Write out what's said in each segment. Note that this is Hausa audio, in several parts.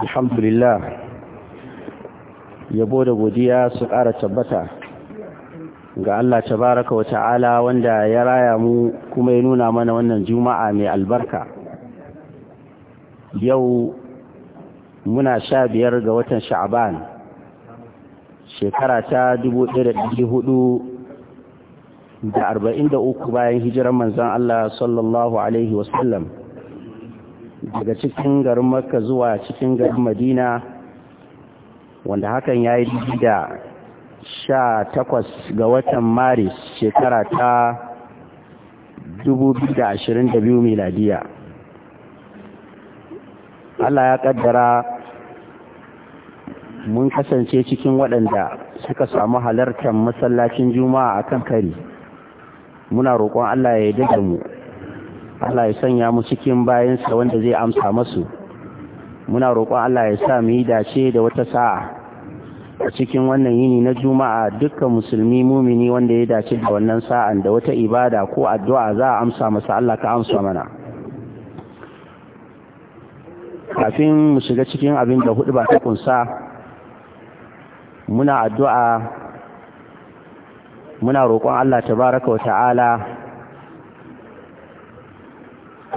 alhamdulillah yabo da godiya su ƙara tabbata ga Allah tabaraka wa ta'ala wanda ya raya mu kuma ya nuna mana wannan juma'a mai albarka yau muna sha biyar ga watan sha'aban shekara ta da arba'in da uku bayan hijirar manzan Allah sallallahu alaihi wasallam daga cikin garin makka zuwa cikin garin madina wanda hakan ya yi da sha takwas ga watan maris shekara ta 2022 miladiya Allah ya kaddara mun kasance cikin waɗanda suka samu halartar masallacin juma'a akan kari muna roƙon Allah ya yi da mu Allah ya sanya mu cikin bayansa wanda zai amsa masu muna roƙon Allah ya sa mu yi dace da wata sa'a a cikin wannan yini na juma'a dukkan musulmi mumini wanda ya dace da wannan sa'an da wata ibada ko addu'a za a amsa masa Allah ka amsa mana kafin mu shiga cikin abin da hudu ba ta kunsa muna addu'a muna roƙon Allah tabaraka wa ta'ala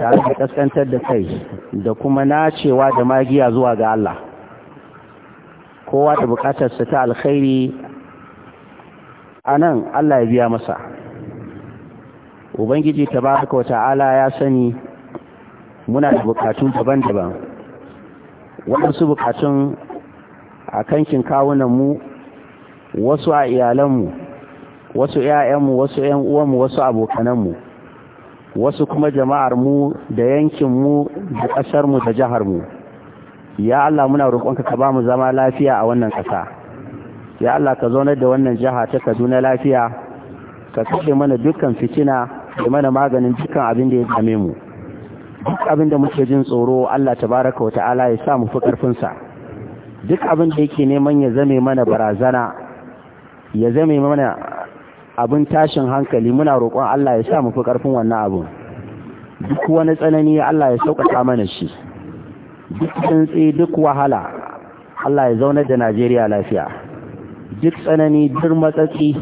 tare da kaskantar da kai da kuma nacewa da magiya zuwa ga Allah kowa da sa ta alkhairi anan Allah ya biya masa ubangiji tabaraka wa ta'ala ya sani muna da bukatu daban-daban waɗansu bukatun a kankin kawunanmu wasu a iyalanmu wasu 'ya'yanmu wasu 'yan wasu abokananmu wasu kuma jama'ar mu da yankin mu da kasar mu da jihar mu ya Allah muna roƙonka ka ba mu zama lafiya a wannan ƙasa ya Allah ka zaunar da wannan jiha ta Kaduna lafiya ka kashe mana dukkan fitina da mana maganin dukkan abin da ya zame mu duk abin da muke jin tsoro Allah tabaraka wa ta'ala ya sa mu fi ƙarfin sa duk abin da yake neman ya zame mana barazana ya zame mana abin tashin hankali muna roƙon Allah ya sa mu fi ƙarfin wannan abun duk wani tsanani Allah ya sauƙaƙa mana shi duk tsantsi duk wahala Allah ya zaunar da Najeriya lafiya duk tsanani duk matsatsi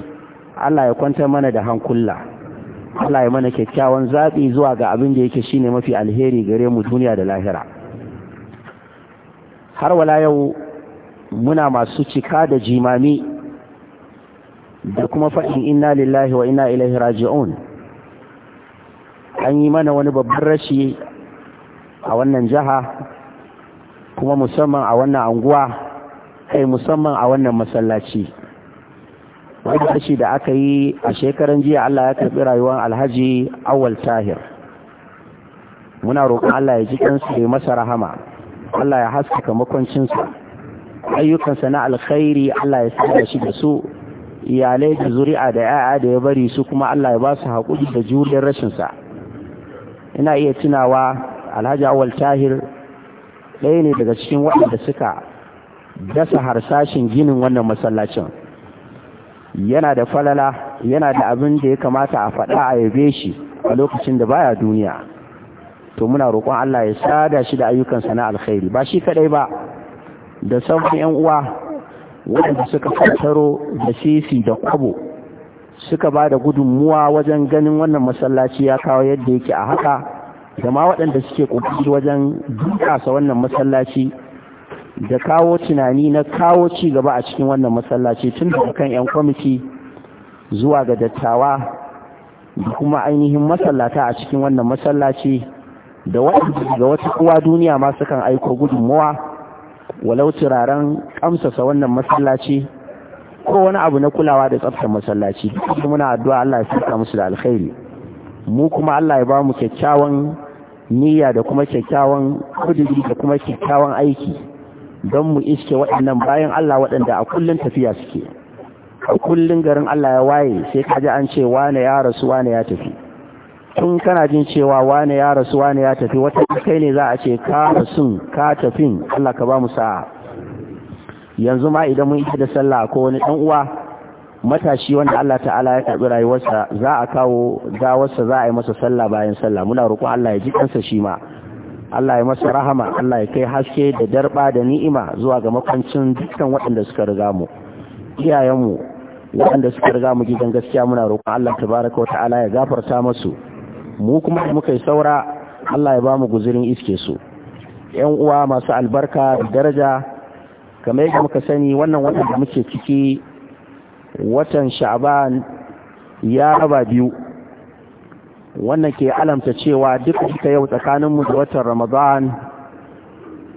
Allah ya kwanta mana da hankula Allah ya mana kyakkyawan zaɓi zuwa ga abin da yake shine mafi alheri gare mu duniya da lahira har wala yau muna masu cika da jimami da kuma faɗin inna lillahi wa ina ilaihi raji'un an yi mana wani babban rashi a wannan jiha kuma musamman a wannan anguwa kai musamman a wannan masallaci wani rashi da aka yi a shekaran jiya Allah ya karɓi rayuwar alhaji awal tahir muna roƙon Allah ya ji kansu da masa rahama Allah ya haskaka makwancinsa ayyukansa na alkhairi Allah ya sa shi da su iyalai da zuri'a da ya'ya da ya bari su kuma Allah ya ba su haƙuri da juriyar rashinsa ina iya tunawa alhaji awal tahir ɗaya ne daga cikin waɗanda suka dasa harsashin ginin wannan masallacin yana da falala yana da abin da ya kamata a faɗa a yabe shi a lokacin da baya duniya to muna roƙon Allah ya sada shi da ayyukansa na alkhairi ba shi kaɗai ba da sauran 'yan uwa waɗanda suka fassaro da sisi da kwabo suka ba da gudunmuwa wajen ganin wannan masallaci ya kawo yadda yake a haka da waɗanda suke ƙoƙari wajen dukasa wannan masallaci da kawo tunani na kawo ci gaba a cikin wannan masallaci tun daga kan 'yan kwamiti zuwa ga dattawa da kuma ainihin masallata a cikin wannan masallaci da wata uwa duniya ma sukan aiko gudunmuwa walau turaren sa wannan masallaci ko wani abu na kulawa da tsaftar masallaci muna addu'a Allah ya saka musu da alkhairi mu kuma Allah ya ba mu kyakkyawan niyya da kuma kyakkyawan kudiri da kuma kyakkyawan aiki don mu iske waɗannan bayan Allah waɗanda a kullun tafiya suke a kullun garin Allah ya waye sai kaji an ce wane ya rasu wane ya tafi tun kana jin cewa wane ya rasu wane ya tafi wata kai ne za a ce ka rasu? ka tafi Allah ka ba mu sa'a yanzu ma idan mun yi da sallah ko wani dan uwa matashi wanda Allah ta'ala ya karbi rayuwarsa za a kawo dawarsa za a yi masa sallah bayan sallah muna roƙon Allah ya ji kansa shi ma Allah ya masa rahama Allah ya kai haske da darba da ni'ima zuwa ga makwancin dukkan waɗanda suka riga mu iyayenmu waɗanda suka riga mu gidan gaskiya muna roƙon Allah tabaraka wa ta'ala ya gafarta musu mu kuma da muka yi saura Allah ya ba mu guzurin iske su yan uwa masu albarka da daraja kamar yadda muka sani wannan watan da muke ciki watan sha'ban ya raba biyu wannan ke alamta cewa duk suka yau tsakaninmu da watan ramadan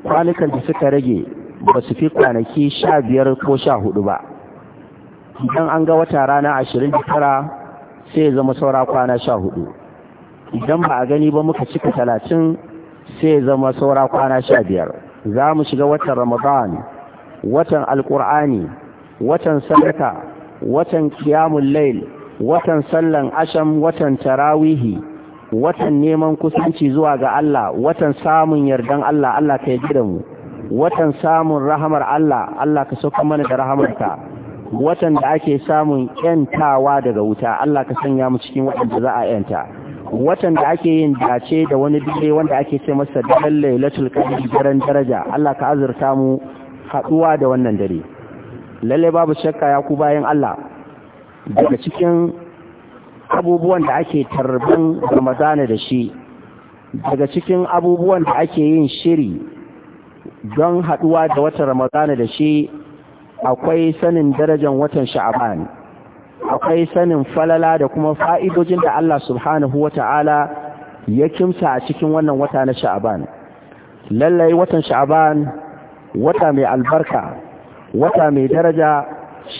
kwanukan da suka rage ba su fi kwanaki sha biyar ko sha hudu ba idan an ga wata rana ashirin tara sai zama saura kwana sha hudu idan ba a gani ba muka cika talatin sai zama saura kwana sha biyar za mu shiga watan ramadan watan alkur'ani watan sadaka watan kiyamun lail watan sallan asham watan tarawihi watan neman kusanci zuwa ga Allah watan samun yardan Allah Allah ka yi da mu watan samun rahamar Allah Allah ka sauka mana da rahamarka watan da ake samun yantawa daga wuta Allah ka sanya mu cikin waɗanda za a yanta watan da ake yin dace da wani dare wanda ake ce masa daren lailatul qadr daren daraja Allah ka azurta mu haduwa da wannan dare lalle babu shakka ya ku bayan Allah daga cikin abubuwan da ake tarban Ramadan da shi daga cikin abubuwan da ake yin shiri don haduwa da watan Ramadan da shi akwai sanin darajar watan Sha'aban akwai sanin falala da kuma fa'idojin da Allah subhanahu wa ta'ala ya kimsa a cikin wannan wata na sha'aban. Lallai watan sha'aban wata mai albarka, wata mai daraja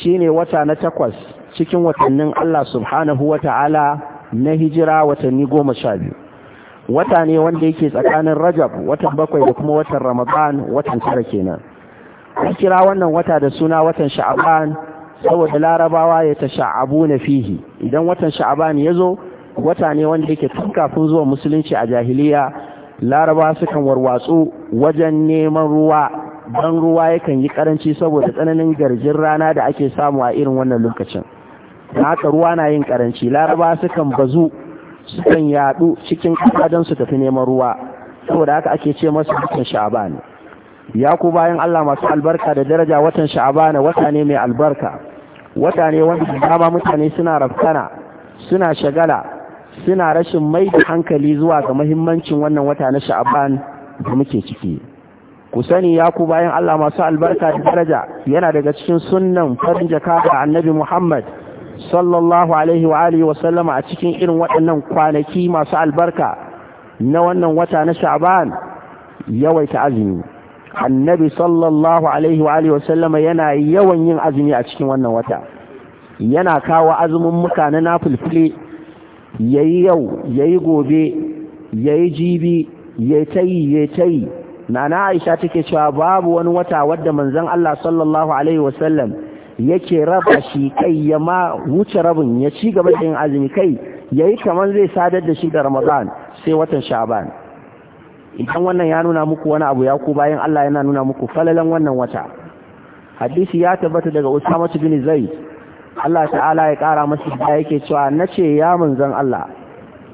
shi ne wata na takwas cikin watannin Allah subhanahu wa ta'ala na hijira watanni goma sha biyu. Wata ne wanda yake tsakanin Rajab, watan bakwai da kuma watan Ramadan, watan tara kenan. An kira wannan wata da suna watan sha'aban saboda larabawa ya ta sha'abu na fihi idan watan sha'aban ya zo wata ne wanda yake tun kafin zuwa musulunci a jahiliya laraba sukan warwatsu wajen neman ruwa don ruwa yakan yi karanci saboda tsananin garjin rana da ake samu a irin wannan lokacin da haka ruwa na yin karanci laraba sukan bazu sukan yadu cikin kasa don su tafi neman ruwa saboda haka ake ce masu watan sha'aban ya ku bayan Allah masu albarka da daraja watan sha'aban wata ne mai albarka wata ne wanda dama mutane suna rafkana suna shagala suna rashin mai da hankali zuwa ga mahimmancin wannan wata na sha'aban da muke ciki ku sani ya ku bayan Allah masu albarka da daraja yana daga cikin sunnan farin jaka annabi Muhammad sallallahu alaihi wa alihi wa sallama a cikin irin waɗannan kwanaki masu albarka na wannan wata na sha'aban yawaita azumi annabi sallallahu alaihi wa alihi wasallama yana yawan yin azumi a cikin wannan wata yana kawo azumin muka na nafilfile yayi yau yayi gobe yayi jibi yayi tayi yayi tayi nana Aisha take cewa babu wani wata wadda manzon Allah sallallahu alaihi wasallam yake raba shi kai ya ma wuce rabin ya ci gaba da yin azumi kai yayi kaman zai sadar da shi da Ramadan sai watan Sha'ban idan wannan ya nuna muku wani abu ya ku bayan Allah yana nuna muku falalan wannan wata hadisi ya tabbata daga Usama bin Zaid Allah ta'ala ya kara masa da yake cewa nace ya manzon Allah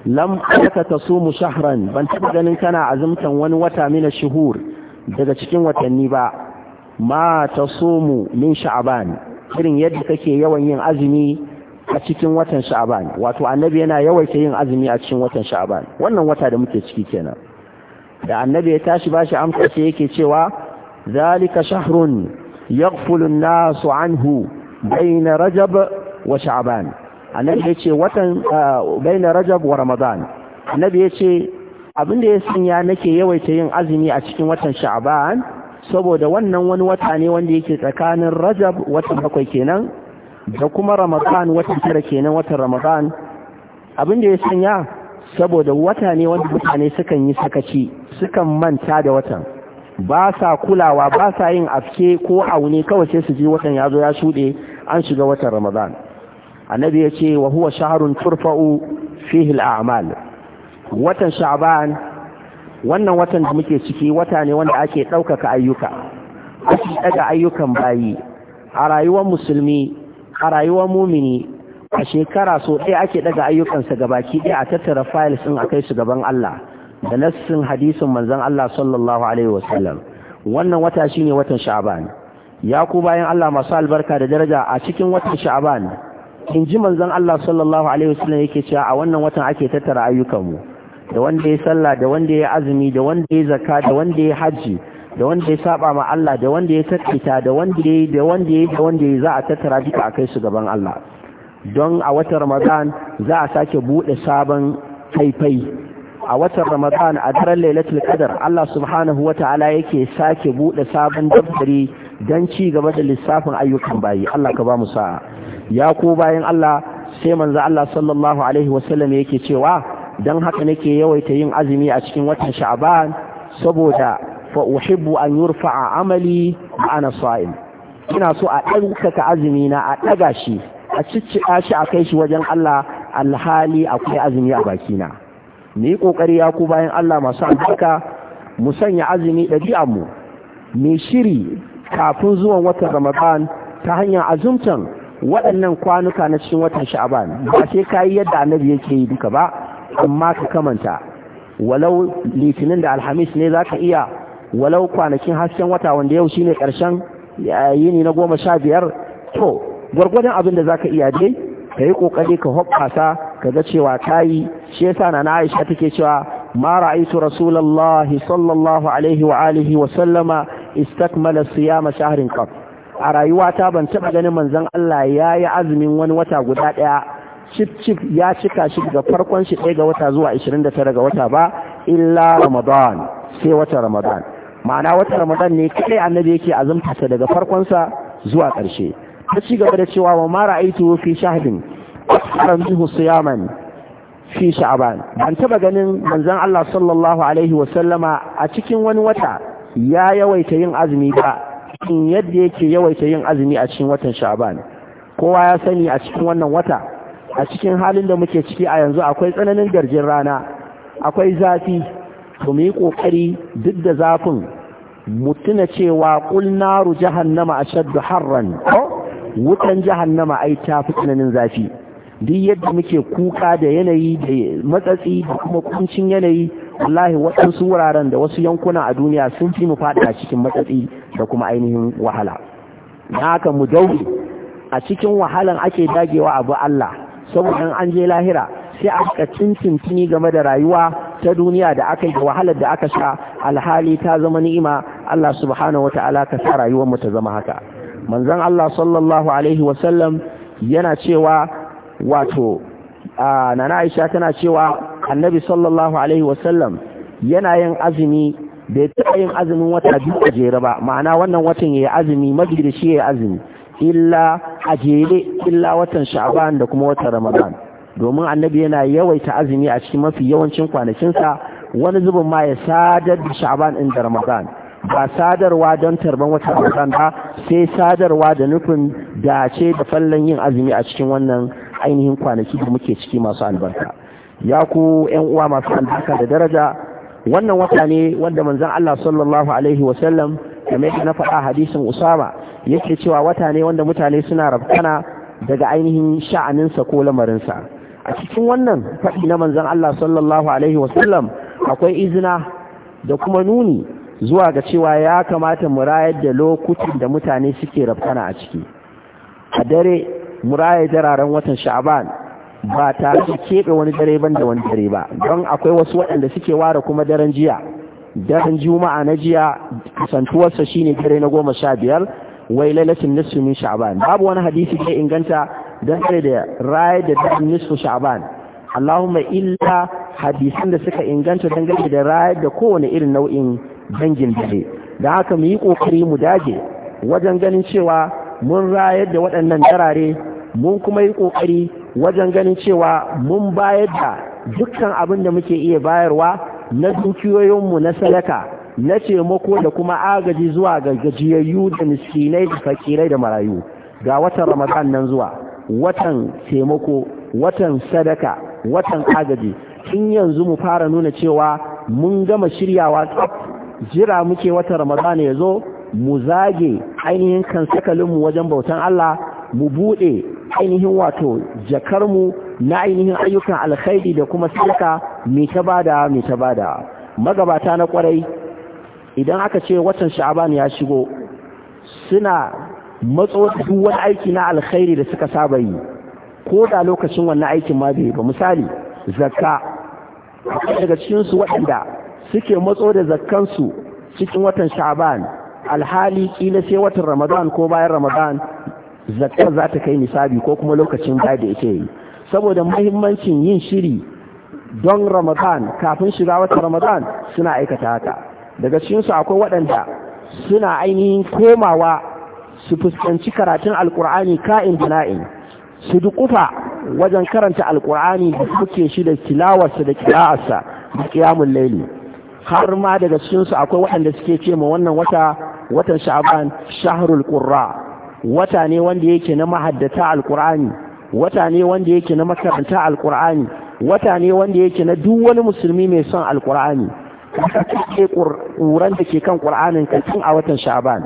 lam aka tasumu shahran ban taba ganin kana azumtan wani wata min shuhur daga cikin watanni ba ma tasumu min sha'ban irin yadda kake yawan yin azumi a cikin watan sha'ban wato annabi yana yawaita yin azumi a cikin watan sha'ban wannan wata da muke ciki kenan da annabi ya tashi bashi amsa sai yake cewa zalika shahrun yaghfulu an-nasu anhu bayna rajab wa sha'ban annabi ya ce watan bayna rajab wa ramadan annabi ya abin abinda ya sanya nake yawaita yin azumi a cikin watan sha'ban saboda wannan wani wata ne wanda yake tsakanin rajab watan bakwai kenan da kuma ramadan watan tara kenan watan ramadan abinda ya sanya saboda wata ne wanda mutane sukan yi sakaci sukan manta da watan ba sa kulawa ba sa yin afke ko aune kawai sai su ji watan ya zo ya shuɗe an shiga watan ramadan annabi ya ce wa huwa shaharun turfa'u fihi al'amal watan sha'ban wannan watan da muke ciki wata ne wanda ake ɗaukaka ayyuka ake ɗaga ayyukan bayi a rayuwar musulmi a rayuwar mumini a shekara so ɗaya ake ɗaga ayyukansa gabaki ɗaya a tattara files ɗin a kai su gaban Allah da nassin hadisin manzon Allah sallallahu alaihi wasallam wannan wata shine watan sha'aban ya ku bayan Allah masu albarka da daraja a cikin watan sha'aban in ji manzon Allah sallallahu alaihi wasallam yake cewa a wannan watan ake tattara ayyukanmu da wanda ya sallah da wanda ya azumi da wanda ya zakka da wanda ya haji da wanda ya saba ma Allah da wanda ya tattita da wanda ya da wanda ya da wanda ya za a tattara duka akai su gaban Allah don a watan ramadan za a sake bude sabon haifai a watan ramadan a daren lailatul qadar Allah subhanahu wata'ala yake sake bude sabon daftari don ci gaba da lissafin ayyukan bayi Allah ka ba mu sa'a ya ko bayan Allah sai manzo Allah sallallahu alaihi wasallam yake cewa dan haka nake yawaita yin azumi a cikin watan sha'ban saboda fa uhibbu an yurfa'a amali ana sa'im ina so a ɗaukaka azumi na a ɗaga shi a ciccika shi a kai shi wajen Allah alhali akwai azumi a bakina mu yi kokari ya ku bayan Allah masu albarka mu sanya azumi ɗabi'ar mu mu shiri kafin zuwan watan Ramadan ta hanyar azumtan waɗannan kwanuka na cikin watan Sha'aban ba sai kai yadda annabi yake yi duka ba amma ka kamanta walau litinin da alhamis ne zaka iya walau kwanakin hasken wata wanda yau shine karshen eh, yini na goma sha biyar to gwargwadon abin da za ka iya dai ka yi kokari ka hoppasa ka ga cewa kayi shi yasa na Aisha take cewa ma ra'aitu rasulallah sallallahu alaihi wa alihi wa sallama istakmala siyama shahrin qab a rayuwata ban taba ganin manzon Allah ya yi azumin wani wata guda ɗaya. chip chip ya cika shi daga farkon shi ɗaya ga wata zuwa 29 ga wata ba illa ramadan sai wata ramadan ma'ana wata ramadan ne kai annabi yake azumta daga farkonsa zuwa ƙarshe ta ci gaba da cewa wa mara aitu fi shahdin ƙasar bihu siyaman fi sha'ban ban taba ganin manzon Allah sallallahu alaihi wa sallama a cikin wani wata ya yawaita yin azumi ba in yadda yake yawaita yin azumi a cikin watan sha'ban kowa ya sani a cikin wannan wata a cikin halin da muke ciki a yanzu akwai tsananin garjin rana akwai zafi to mu yi kokari duk da zafin mutuna cewa qul naru jahannama ashaddu harran ko wutan jahannama ai ta fi tsananin zafi duk yadda muke kuka da yanayi da matsatsi da kuma kuncin yanayi wallahi waɗansu wuraren da wasu yankuna a duniya sun fi mu faɗa cikin matsatsi da kuma ainihin wahala na haka mu dauri a cikin wahalan ake dagewa abu Allah saboda an je lahira sai a ka tuni game da rayuwa ta duniya da aka yi da wahalar da aka sha alhali ta zama ni'ima Allah subhanahu wataala ka sa rayuwar mu ta zama haka manzon Allah sallallahu alaihi wasallam yana cewa wato nana Aisha tana cewa annabi sallallahu alaihi wasallam yana yin azumi da ya taɓa yin azumin wata biyu a jere ba ma'ana wannan watan ya yi azumi mafi da shi ya yi azumi illa a jere illa watan sha'aban da kuma watan ramadan domin annabi yana yawaita azumi a cikin mafi yawancin kwanakinsa wani zubin ma ya sadar da sha'aban ɗin da ramadan ba sadarwa don tarban wata Ramadan ba sai sadarwa da nufin dace da fallan yin azumi a cikin wannan ainihin kwanaki da muke ciki masu albarka ya ku ƴan uwa masu albarka da daraja wannan wata ne wanda manzon Allah sallallahu alaihi wa sallam na faɗa hadisin Usama yake cewa wata ne wanda mutane suna rabkana daga ainihin sha'aninsa ko lamarinsa a cikin wannan faɗi na manzon Allah sallallahu alaihi wa akwai izina da kuma nuni zuwa ga cewa ya kamata mu rayar da lokutan da mutane suke rafkana a ciki a dare mu rayar dararen watan sha'aban ba tare da keɓe wani dare ban da wani dare ba don akwai wasu waɗanda suke ware kuma daren jiya daren juma'a na jiya kasantuwarsa shine dare na goma sha biyar wai lailatin nisfin min sha'aban babu wani hadisi da inganta dare da rayar da daren nisfu sha'aban Allahumma illa hadisan da suka inganta dangane da rayar da kowane irin nau'in dangin dare da haka mu yi kokari mu dage wajen ganin cewa mun rayar da waɗannan darare mun kuma yi kokari wajen ganin cewa mun bayar da dukkan abin da muke iya bayarwa na dukiyoyinmu na sadaka na taimako da kuma agaji zuwa ga gajiyayyu da miskinai da fakirai da marayu ga watan ramadan nan zuwa watan taimako watan sadaka watan agaji tun yanzu mu fara nuna cewa mun gama shiryawa tsaf jira muke watan ramadana ya zo mu zage ainihin kan sakalinmu wajen bautan Allah mu buɗe ainihin wato jakarmu na ainihin ayyukan alkhairi da kuma sadaka mai ta bada mai ta bada magabata na kwarai idan aka ce watan sha'aban ya shigo suna matso duk wani aiki na alkhairi da suka saba yi ko da lokacin wannan aikin ma bai ba misali zakka daga cikin su waɗanda suke matso da zakkansu cikin watan sha'ban alhali kila sai watan ramadan ko bayan ramadan zakkar za ta kai nisabi ko kuma lokacin ba da yake yi saboda muhimmancin yin shiri don ramadan kafin shiga watan ramadan suna aikata haka daga cikin su akwai waɗanda suna ainihin komawa su fuskanci karatun alkur'ani ka'in bala'in su dukufa wajen karanta alkur'ani da suke shi da tilawarsa da kira'arsa da kiyamun laili har ma daga cikinsu akwai waɗanda suke ce ma wannan wata watan sha'aban shahrul qurra wata ne wanda yake na mahaddata alkur'ani wata ne wanda yake na makaranta alkur'ani wata ne wanda yake na duk wani musulmi mai son alkur'ani ka kake ƙuran da ke kan ƙur'anin ka tun a watan sha'aban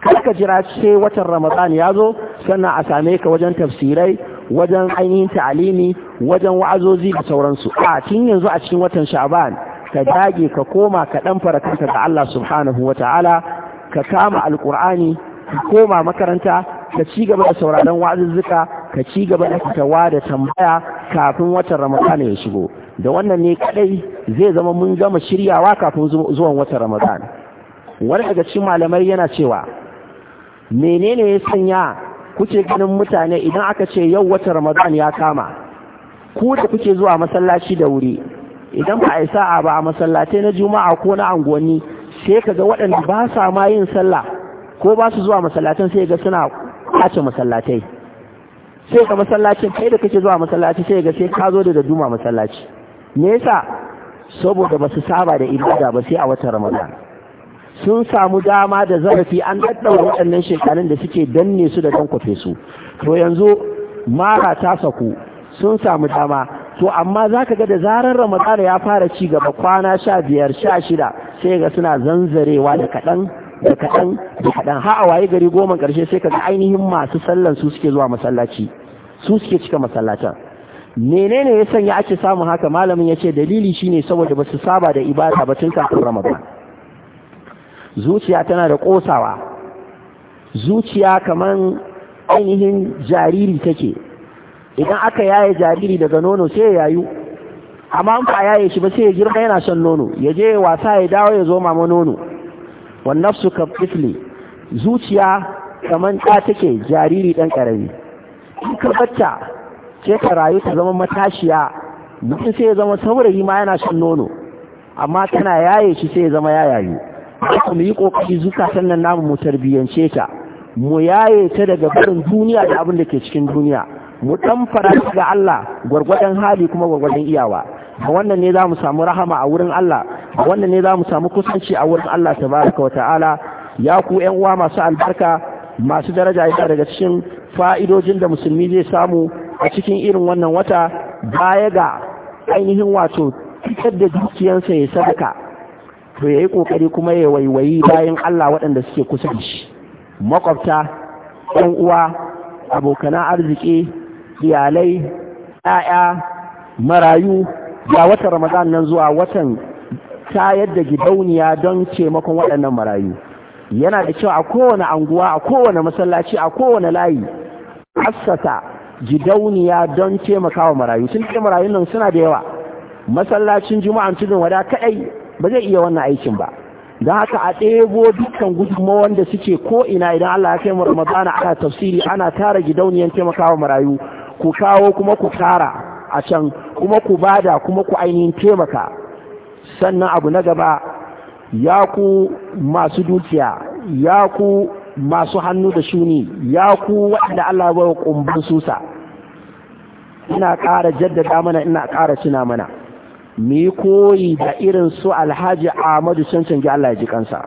ka jira ce watan ramadan ya zo sannan a same ka wajen tafsirai wajen ainihin ta'alimi wajen wa'azozi da sauransu a tun yanzu a cikin watan sha'ban ka dage ka koma ka dan fara ga Allah subhanahu wataala ka kama alqur'ani ka koma makaranta ka ci gaba da sauraron wa'azuzzuka ka ci gaba da fitawa da tambaya kafin watan ramadan ya shigo da wannan ne kadai zai zama mun gama shiryawa kafin zuwan watan ramadan wani daga cikin malamai yana cewa menene ya sanya kuke ganin mutane idan aka ce yau wata ramadan ya kama ku da kuke zuwa masallaci da wuri idan ba a yi sa'a ba a masallatai na juma'a ko na anguwanni sai ka ga waɗanda ba sa ma yin sallah ko ba su zuwa masallatan sai ga suna kace masallatai sai ga masallacin kai da kake zuwa masallaci sai ga sai ka zo da duma masallaci me yasa saboda ba su saba da ibada ba sai a watan ramadan sun samu dama da zarafi an daddaura waɗannan shekarun da suke danne su da kwafe su to yanzu mara ta saku sun samu dama to amma za ka ga da zarar ramadana ya fara ci gaba kwana sha biyar sha shida sai ga suna zanzarewa da kaɗan da kaɗan da kaɗan ha a waye gari goma ƙarshe sai ka ga ainihin masu sallan su suke zuwa masallaci su suke cika masallacin menene ya sanya ake samun haka malamin ya ce dalili shine saboda ba su saba da ibada ba tun kafin ramadana zuciya tana da ƙosawa zuciya kaman ainihin jariri take idan aka yaye jariri daga nono sai ya yayu amma an ba yaye shi ba sai ya girma yana shan nono ya je wasa ya dawo ya zo mama nono wan nafsu ka tifli zuciya kaman ta take jariri dan karami in ka bacca sai ka rayu ta zama matashiya mutum sai ya zama saurayi ma yana shan nono amma tana yaye shi sai ya zama ya yayu haka mu yi kokari zukatan nan namu mu tarbiyance ta mu yaye ta daga barin duniya da abin da ke cikin duniya mu dan fara ga Allah gwargwadon hali kuma gwargwadon iyawa a wannan ne zamu samu rahama a wurin Allah a wannan ne zamu samu kusanci a wurin Allah tabaraka wa ta'ala ya ku ƴan uwa masu albarka masu daraja ita daga cikin fa'idojin da musulmi zai samu a cikin irin wannan wata baya ga ainihin wato fitar da dukiyarsa ya sadaka to ya yi ƙoƙari kuma ya waiwayi bayan Allah waɗanda suke kusa da shi makwabta ɗan uwa abokanan arziki iyalai ɗaya marayu ga watan ramadan nan zuwa watan tayar da gidauniya don taimakon waɗannan marayu yana da kyau a kowane anguwa a kowane masallaci a kowane layi assasa gidauniya don taimakawa marayu sun ce marayun nan suna da yawa masallacin juma'an tudun wada kadai ba zai iya wannan aikin ba da haka a ɗebo dukkan gudunmu da suke ko ina idan Allah ya kai mu Ramadana ana tafsiri ana tara gidauniyan taimakawa marayu ku kawo kuma ku tara a can kuma ku bada kuma ku ainihin taimaka sannan abu na gaba ya ku masu dukiya ya ku masu hannu da shuni ya ku waɗanda Allah bai kumban susa ina ƙara jaddada mana ina ƙara suna mana mu koyi da irin su alhaji ahmadu cancanci Allah ya ji kansa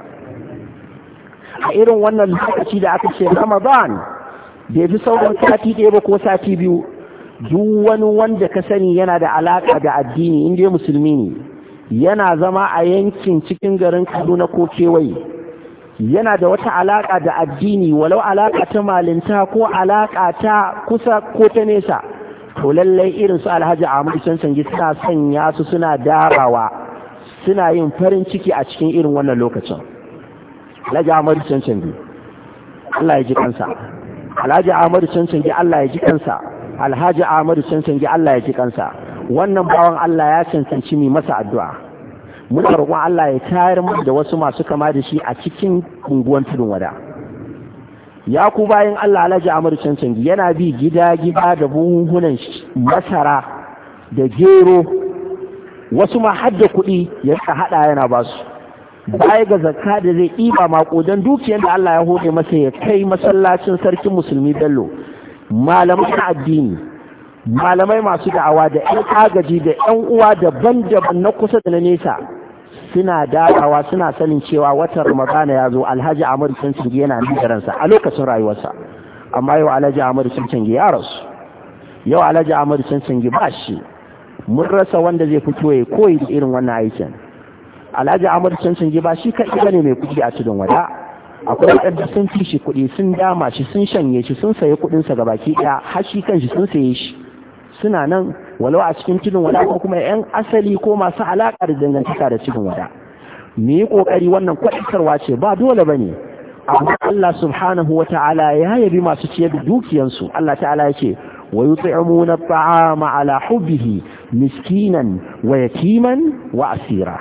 a irin wannan lokaci da aka ce ramadan bai fi sauran sati ɗaya ba ko sati biyu duk wani wanda ka sani yana da alaka da addini inda musulmi ne yana zama a yankin cikin garin kaduna ko kewaye yana da wata alaƙa da addini walau alaka ta malinta ko alaƙa ta kusa ko ta nesa to lallai irin su alhaji Ahmad sanji suna sanya su suna darawa suna yin farin ciki a cikin irin wannan lokacin alhaji Ahmad sanji Allah ya ji kansa alhaji Ahmad sanji Allah ya ji kansa alhaji Ahmad sanji Allah ya ji kansa wannan bawan Allah ya cancanci mai masa addu'a muna roƙon Allah ya tayar mu da wasu masu kama da shi a cikin unguwan tudun wada ya ku bayan Allah Alhaji Amadu Cancangi yana bi gida-gida da buhunan masara da gero wasu ma kuɗi ya haɗa yana ba su baya ga zakka da zai ɗiba maƙudan dukiyar da Allah ya hode masa ya kai masallacin sarkin musulmi Bello malamai addini malamai masu da'awa da 'yan agaji da 'yan uwa daban-daban na kusa da na nesa suna dakawa suna sanin cewa watan ramadana ya zo alhaji amur canji yana nijaransa a lokacin rayuwarsa amma yau alhaji amur canji ya rasu yau alhaji amur canji ba shi mun rasa wanda zai fito ya koyi da irin wannan aikin alhaji amur canji ba shi kaɗi ba ne mai kuɗi a cikin wada akwai waɗanda sun fi shi kuɗi sun dama shi sun shanye shi sun saye kuɗinsa baki ɗaya har shi kanshi sun saye shi suna nan walau a cikin tudun wada ko kuma yan asali ko masu alaƙa da dangantaka da cikin wada mu yi ƙoƙari wannan kwaɗitarwa ce ba dole bane ne amma Allah subhanahu wa ya yabi masu ciye da dukiyansu Allah ta'ala ya ce wa yut'imuna at'ama ala hubbihi miskinan wa yatiman wa asira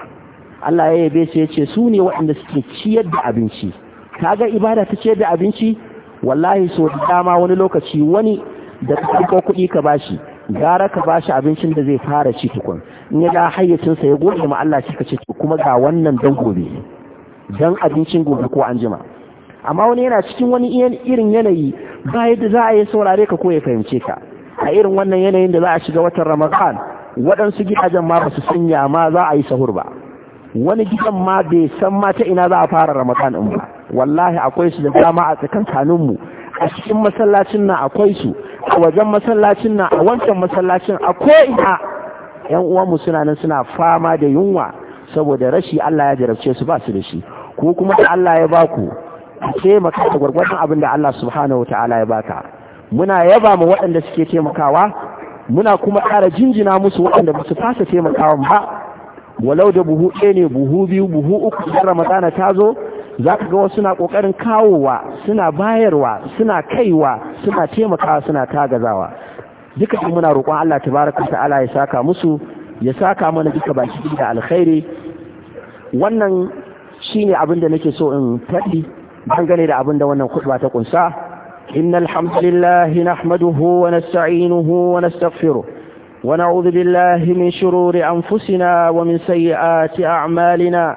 Allah ya yabe su yace su ne waɗanda suke ciyar da abinci kaga ibada ta ciyar da abinci wallahi so dama wani lokaci wani da kuɗi ka bashi gara ka ba shi abincin da zai fara ci tukun in ya da hayyacinsa ya goge ma Allah shi kace to kuma ga wannan dan gobe dan abincin gobe ko anjima. jima amma wani yana cikin wani irin yanayi ba yadda za a yi saurare ka ko ya fahimce ka a irin wannan yanayin da za a shiga watan ramadan waɗansu gidajen ma ba su sanya ma za a yi sahur ba wani gidan ma bai san ma ta ina za a fara ramadan in ba wallahi akwai su da dama a tsakankaninmu a cikin masallacin nan akwai su a wajen masallacin nan a wancan masallacin a ko'ina yan mu suna nan suna fama da yunwa saboda rashi Allah ya jarabce su ba su da shi ko kuma da Allah ya baku ku taimaka ta gwargwadon abin da Allah subhanahu wataala ya baka muna yaba mu waɗanda suke taimakawa muna kuma ƙara jinjina musu waɗanda ba su fasa taimakawa ba walau da buhu ɗaya ne buhu biyu buhu uku idan ramadana ta zo za ka ga wasu suna ƙoƙarin kawowa suna bayarwa suna kaiwa suna taimakawa suna tagazawa duka in muna roƙon Allah tabaraka ta'ala ya saka musu ya saka mana duka baki da alkhairi wannan shine abin da nake so in faɗi dangane da abinda da wannan khutba ta kunsa innal hamdalillahi nahmaduhu wa nasta'inuhu wa nastaghfiruh ونعوذ بالله من شرور أنفسنا ومن سيئات أعمالنا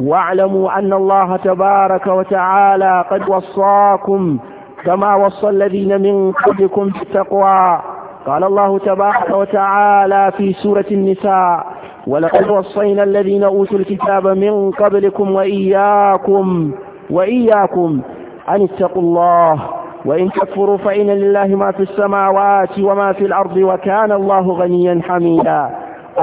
واعلموا أن الله تبارك وتعالى قد وصاكم كما وصى الذين من قبلكم بالتقوى قال الله تبارك وتعالى في سورة النساء ولقد وصينا الذين أوتوا الكتاب من قبلكم وإياكم وإياكم أن اتقوا الله وإن تكفروا فإن لله ما في السماوات وما في الأرض وكان الله غنيا حميدا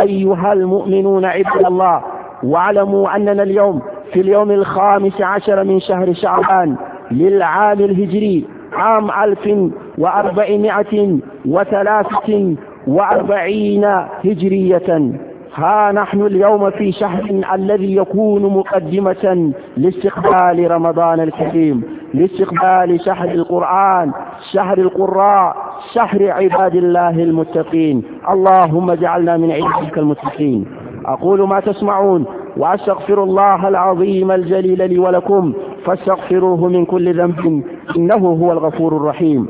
أيها المؤمنون عباد الله واعلموا أننا اليوم في اليوم الخامس عشر من شهر شعبان للعام الهجري عام ألف وأربعمائة وثلاثة وأربعين هجرية ها نحن اليوم في شهر الذي يكون مقدمة لاستقبال رمضان الكريم لاستقبال شهر القرآن شهر القراء شهر عباد الله المتقين اللهم اجعلنا من عبادك المتقين أقول ما تسمعون وأستغفر الله العظيم الجليل لي ولكم فاستغفروه من كل ذنب إنه هو الغفور الرحيم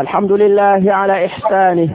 الحمد لله على إحسانه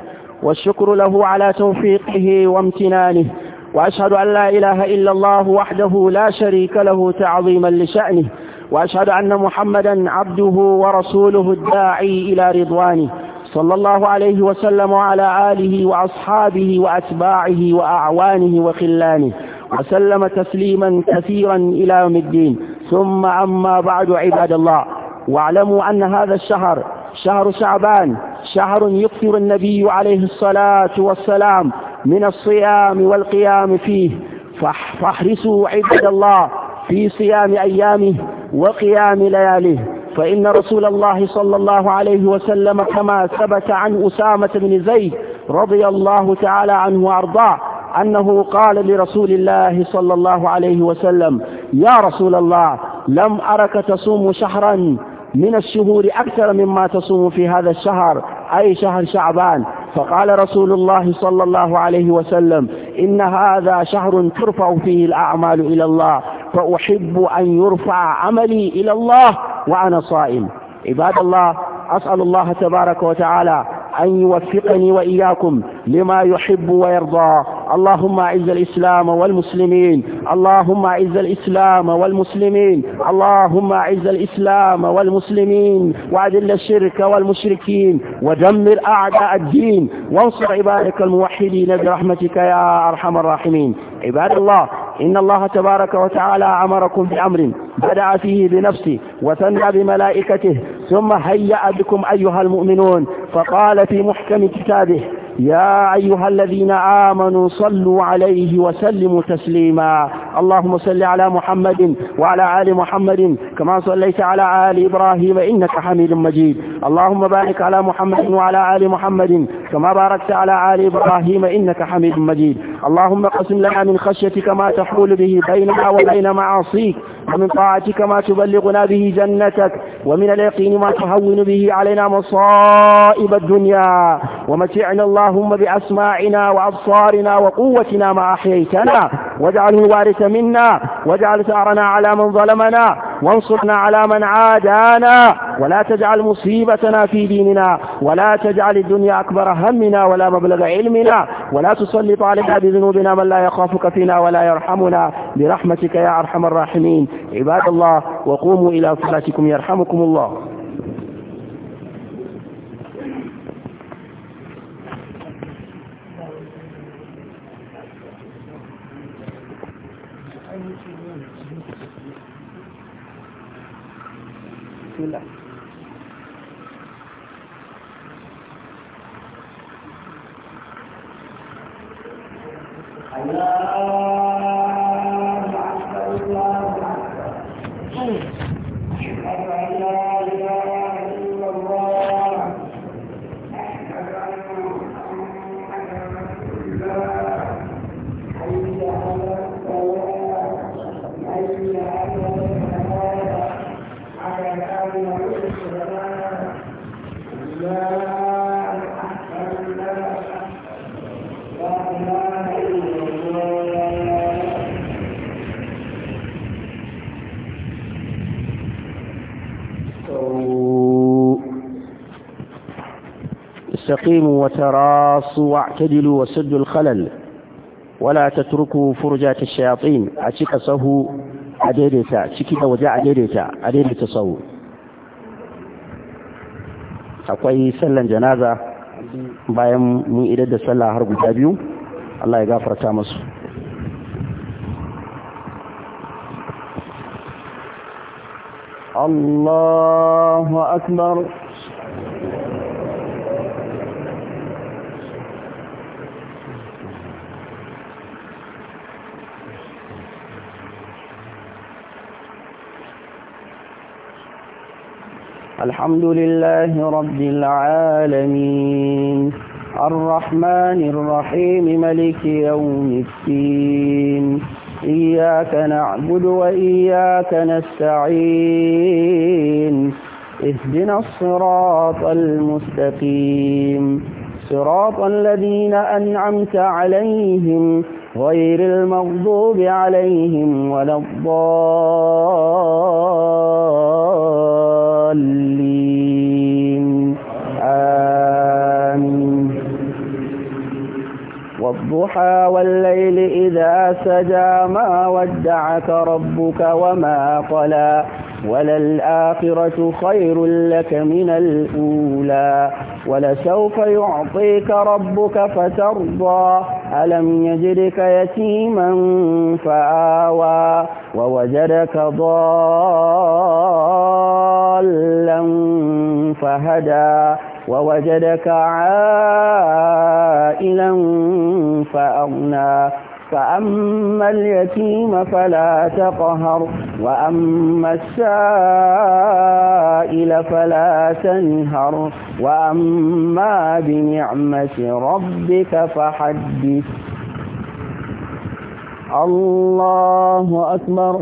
والشكر له على توفيقه وامتنانه وأشهد أن لا إله إلا الله وحده لا شريك له تعظيما لشأنه وأشهد أن محمدا عبده ورسوله الداعي إلى رضوانه صلى الله عليه وسلم وعلى آله وأصحابه وأتباعه وأعوانه وخلانه وسلم تسليما كثيرا إلى يوم الدين ثم أما بعد عباد الله واعلموا أن هذا الشهر شهر شعبان شهر يكثر النبي عليه الصلاة والسلام من الصيام والقيام فيه فاحرصوا عباد الله في صيام أيامه وقيام لياليه فإن رسول الله صلى الله عليه وسلم كما ثبت عن أسامة بن زيد رضي الله تعالى عنه وأرضاه أنه قال لرسول الله صلى الله عليه وسلم يا رسول الله لم أرك تصوم شهرا من الشهور أكثر مما تصوم في هذا الشهر أي شهر شعبان فقال رسول الله صلى الله عليه وسلم إن هذا شهر ترفع فيه الأعمال إلى الله فأحب أن يرفع عملي إلى الله وأنا صائم عباد الله أسأل الله تبارك وتعالى أن يوفقني وإياكم لما يحب ويرضى اللهم أعز الإسلام والمسلمين اللهم أعز الإسلام والمسلمين اللهم أعز الإسلام والمسلمين وأذل الشرك والمشركين ودمر أعداء الدين وانصر عبادك الموحدين برحمتك يا أرحم الراحمين عباد الله إن الله تبارك وتعالى أمركم بأمر بدأ فيه بنفسه وثنى بملائكته ثم هيأ بكم أيها المؤمنون فقال في محكم كتابه يا أيها الذين آمنوا صلوا عليه وسلموا تسليما اللهم صل على محمد وعلى آل محمد كما صليت على آل إبراهيم إنك حميد مجيد اللهم بارك على محمد وعلى آل محمد كما باركت على آل إبراهيم إنك حميد مجيد اللهم قسم لنا من خشيتك ما تحول به بيننا وبين معاصيك ومن طاعتك ما تبلغنا به جنتك ومن اليقين ما تهون به علينا مصائب الدنيا ومتعنا اللهم بأسماعنا وأبصارنا وقوتنا ما أحييتنا واجعله الوارث منا واجعل ثأرنا على من ظلمنا وانصرنا على من عادانا ولا تجعل مصيبتنا في ديننا ولا تجعل الدنيا أكبر همنا ولا مبلغ علمنا ولا تسلط علينا بذنوبنا من لا يخافك فينا ولا يرحمنا برحمتك يا أرحم الراحمين عباد الله وقوموا إلى صلاتكم يرحمكم الله own واستقيموا وتراصوا واعتدلوا وسدوا الخلل ولا تتركوا فرجات الشياطين اشيك سهو اديدتا شكيك وجاء اديدتا أديريتا سهو akwai sallan janaza bayan mun idar da sallah har guda biyu Allah ya gafarta musu Allahu akbar الحمد لله رب العالمين الرحمن الرحيم ملك يوم الدين إياك نعبد وإياك نستعين اهدنا الصراط المستقيم صراط الذين أنعمت عليهم غير المغضوب عليهم ولا الضالين الضالين آمين والضحى والليل إذا سجى ما ودعك ربك وما قلى وللآخرة خير لك من الأولى ولسوف يعطيك ربك فترضى ألم يجدك يتيما فآوى ووجدك ضالا فهدى ووجدك عائلا فأغنى فأما اليتيم فلا تقهر وأما السائل فلا تنهر وأما بنعمة ربك فحدث الله أكبر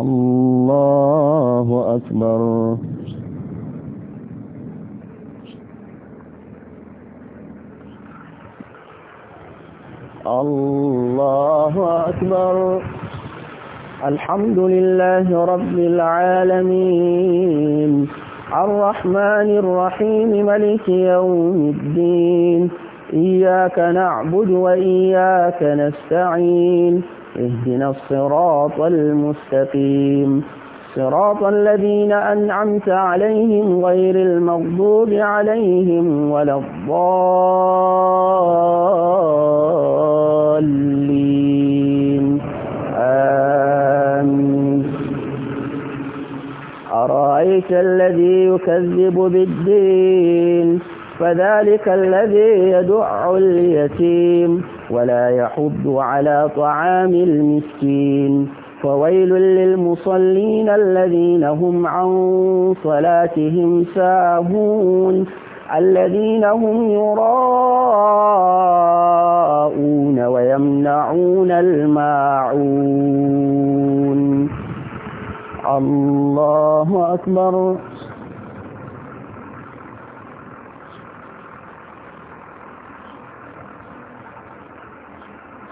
الله أكبر الله أكبر الحمد لله رب العالمين الرحمن الرحيم ملك يوم الدين إياك نعبد وإياك نستعين اهدنا الصراط المستقيم صراط الذين أنعمت عليهم غير المغضوب عليهم ولا الضالين آمين أرأيت الذي يكذب بالدين فذلك الذي يدع اليتيم ولا يحض على طعام المسكين فويل للمصلين الذين هم عن صلاتهم ساهون الذين هم يراءون ويمنعون الماعون الله أكبر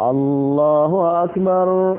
الله أكبر